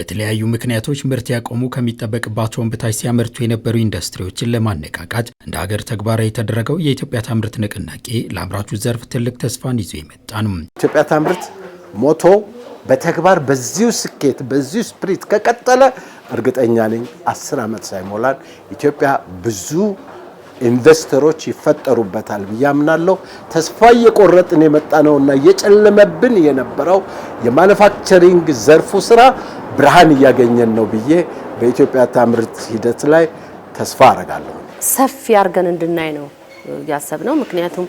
በተለያዩ ምክንያቶች ምርት ያቆሙ ከሚጠበቅባቸውን በታች ሲያመርቱ የነበሩ ኢንዱስትሪዎችን ለማነቃቃት እንደ ሀገር ተግባራዊ የተደረገው የኢትዮጵያ ታምርት ንቅናቄ ለአምራቹ ዘርፍ ትልቅ ተስፋን ይዞ የመጣ ነው። ኢትዮጵያ ታምርት ሞቶ በተግባር በዚሁ ስኬት በዚሁ ስፕሪት ከቀጠለ እርግጠኛ ነኝ አስር ዓመት ሳይሞላን ኢትዮጵያ ብዙ ኢንቨስተሮች ይፈጠሩበታል ብዬ አምናለሁ። ተስፋ እየቆረጥን የመጣ ነውና እየጨለመብን የነበረው የማኑፋክቸሪንግ ዘርፉ ስራ ብርሃን እያገኘን ነው ብዬ በኢትዮጵያ ታምርት ሂደት ላይ ተስፋ አረጋለሁ። ሰፊ አድርገን እንድናይ ነው ነው። ምክንያቱም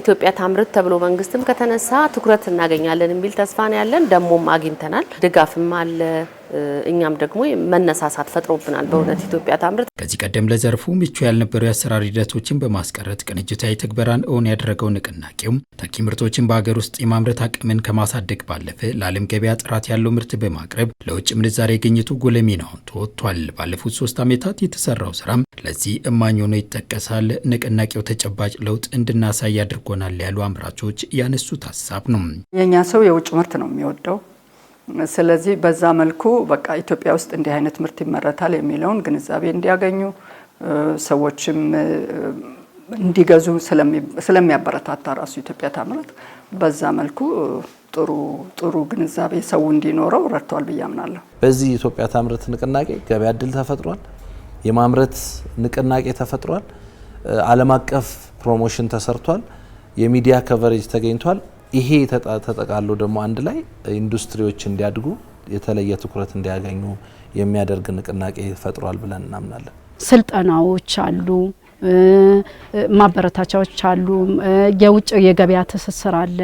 ኢትዮጵያ ታምርት ተብሎ መንግስትም ከተነሳ ትኩረት እናገኛለን የሚል ተስፋ ነው ያለን። ደሞም አግኝተናል። ድጋፍም አለ። እኛም ደግሞ መነሳሳት ፈጥሮብናል። በእውነት ኢትዮጵያ ታምርት ከዚህ ቀደም ለዘርፉ ምቹ ያልነበሩ የአሰራር ሂደቶችን በማስቀረት ቅንጅታዊ ትግበራን እውን ያደረገው ንቅናቄውም ተኪ ምርቶችን በሀገር ውስጥ የማምረት አቅምን ከማሳደግ ባለፈ ለዓለም ገበያ ጥራት ያለው ምርት በማቅረብ ለውጭ ምንዛሬ ግኝቱ ጎልህ ሚናውን ተወጥቷል። ባለፉት ሶስት ዓመታት የተሰራው ስራም ለዚህ እማኝ ሆኖ ይጠቀሳል። ንቅናቄው ተጨባጭ ለውጥ እንድናሳይ አድርጎናል ያሉ አምራቾች ያነሱት ሀሳብ ነው። የእኛ ሰው የውጭ ምርት ነው የሚወደው ስለዚህ በዛ መልኩ በቃ ኢትዮጵያ ውስጥ እንዲህ አይነት ምርት ይመረታል የሚለውን ግንዛቤ እንዲያገኙ ሰዎችም እንዲገዙ ስለሚያበረታታ ራሱ ኢትዮጵያ ታምረት በዛ መልኩ ጥሩ ጥሩ ግንዛቤ ሰው እንዲኖረው ረድተዋል ብዬ አምናለሁ። በዚህ የኢትዮጵያ ታምረት ንቅናቄ ገበያ እድል ተፈጥሯል። የማምረት ንቅናቄ ተፈጥሯል። ዓለም አቀፍ ፕሮሞሽን ተሰርቷል። የሚዲያ ከቨሬጅ ተገኝቷል። ይሄ ተጠቃሎ ደግሞ አንድ ላይ ኢንዱስትሪዎች እንዲያድጉ የተለየ ትኩረት እንዲያገኙ የሚያደርግ ንቅናቄ ፈጥሯል ብለን እናምናለን። ስልጠናዎች አሉ፣ ማበረታቻዎች አሉ፣ የውጭ የገበያ ትስስር አለ።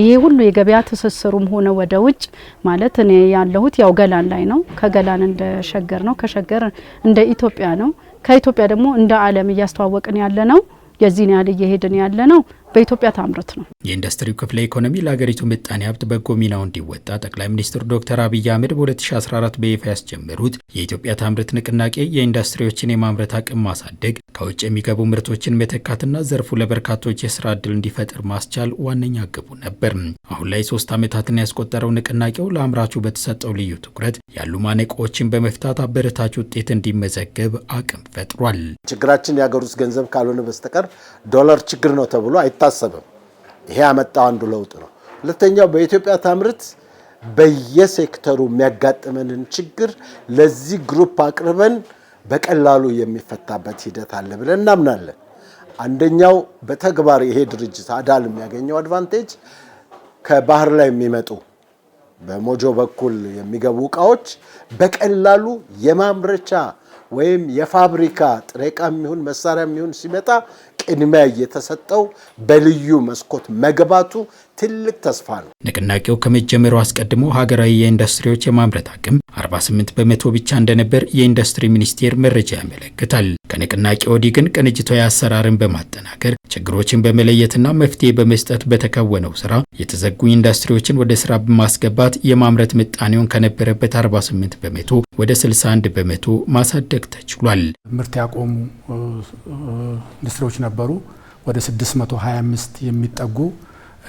ይሄ ሁሉ የገበያ ትስስሩም ሆነ ወደ ውጭ ማለት እኔ ያለሁት ያው ገላን ላይ ነው። ከገላን እንደ ሸገር ነው፣ ከሸገር እንደ ኢትዮጵያ ነው፣ ከኢትዮጵያ ደግሞ እንደ ዓለም እያስተዋወቅን ያለ ነው። የዚህን ያህል እየሄድን ያለ ነው። በኢትዮጵያ ታምርት ነው። የኢንዱስትሪው ክፍለ ኢኮኖሚ ለሀገሪቱ ምጣኔ ሀብት በጎ ሚናው እንዲወጣ ጠቅላይ ሚኒስትር ዶክተር አብይ አህመድ በ2014 በይፋ ያስጀመሩት የኢትዮጵያ ታምርት ንቅናቄ የኢንዱስትሪዎችን የማምረት አቅም ማሳደግ፣ ከውጭ የሚገቡ ምርቶችን መተካትና ዘርፉ ለበርካቶች የስራ እድል እንዲፈጥር ማስቻል ዋነኛ ግቡ ነበር። አሁን ላይ ሶስት ዓመታትን ያስቆጠረው ንቅናቄው ለአምራቹ በተሰጠው ልዩ ትኩረት ያሉ ማነቆዎችን በመፍታት አበረታች ውጤት እንዲመዘገብ አቅም ፈጥሯል። ችግራችን የሀገር ውስጥ ገንዘብ ካልሆነ በስተቀር ዶላር ችግር ነው ተብሎ አይታሰብም። ይሄ ያመጣው አንዱ ለውጥ ነው። ሁለተኛው በኢትዮጵያ ታምርት በየሴክተሩ የሚያጋጥመንን ችግር ለዚህ ግሩፕ አቅርበን በቀላሉ የሚፈታበት ሂደት አለ ብለን እናምናለን። አንደኛው በተግባር ይሄ ድርጅት አዳል የሚያገኘው አድቫንቴጅ ከባህር ላይ የሚመጡ በሞጆ በኩል የሚገቡ እቃዎች በቀላሉ የማምረቻ ወይም የፋብሪካ ጥሬ የሚሆን መሳሪያ የሚሆን ሲመጣ ቅድሚያ እየተሰጠው በልዩ መስኮት መግባቱ ትልቅ ተስፋ ነው። ንቅናቄው ከመጀመሩ አስቀድሞ ሀገራዊ የኢንዱስትሪዎች የማምረት አቅም 48 በመቶ ብቻ እንደነበር የኢንዱስትሪ ሚኒስቴር መረጃ ያመለክታል። ከንቅናቄ ወዲህ ግን ቅንጅታዊ አሰራርን በማጠናከር ችግሮችን በመለየትና መፍትሄ በመስጠት በተከወነው ስራ የተዘጉ ኢንዱስትሪዎችን ወደ ስራ በማስገባት የማምረት ምጣኔውን ከነበረበት 48 በመቶ ወደ 61 በመቶ ማሳደግ ተችሏል። ምርት ያቆሙ ኢንዱስትሪዎች ነበሩ። ወደ 625 የሚጠጉ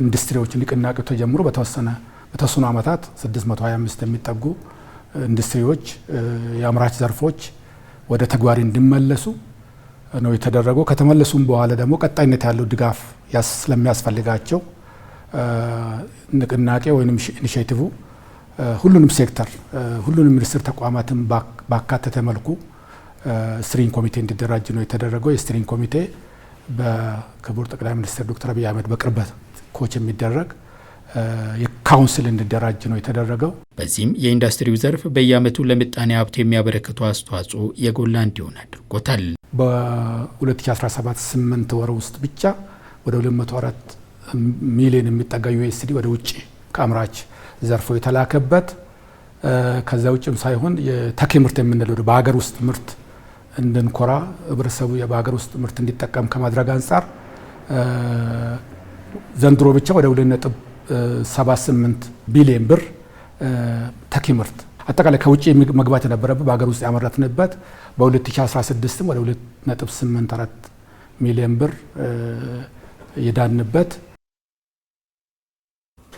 ኢንዱስትሪዎች ንቅናቄ ተጀምሮ በተወሰነ በተወሰኑ ዓመታት 625 የሚጠጉ ኢንዱስትሪዎች የአምራች ዘርፎች ወደ ተግባር እንዲመለሱ ነው የተደረገው። ከተመለሱም በኋላ ደግሞ ቀጣይነት ያለው ድጋፍ ስለሚያስፈልጋቸው ንቅናቄ ወይም ኢኒሽቲቭ ሁሉንም ሴክተር ሁሉንም ሚኒስቴር ተቋማትን ባካተተ መልኩ ስትሪንግ ኮሚቴ እንዲደራጅ ነው የተደረገው። የስትሪንግ ኮሚቴ በክቡር ጠቅላይ ሚኒስትር ዶክተር አብይ አህመድ በቅርበት ኮች የሚደረግ የካውንስል እንዲደራጅ ነው የተደረገው። በዚህም የኢንዱስትሪው ዘርፍ በየአመቱ ለምጣኔ ሀብት የሚያበረክቱ አስተዋጽኦ የጎላ እንዲሆን አድርጎታል። በ2017 8 ወር ውስጥ ብቻ ወደ 204 ሚሊዮን የሚጠጋ ዩኤስዲ ወደ ውጭ ከአምራች ዘርፎ የተላከበት ከዛ ውጭም ሳይሆን የተኪ ምርት የምንለው በሀገር ውስጥ ምርት እንድንኮራ ህብረተሰቡ በሀገር ውስጥ ምርት እንዲጠቀም ከማድረግ አንጻር ዘንድሮ ብቻ ወደ 2.78 ቢሊዮን ብር ተኪ ምርት አጠቃላይ ከውጭ መግባት የነበረበት በሀገር ውስጥ ያመረትንበት በ2016 ወደ 2.84 ሚሊዮን ብር የዳንበት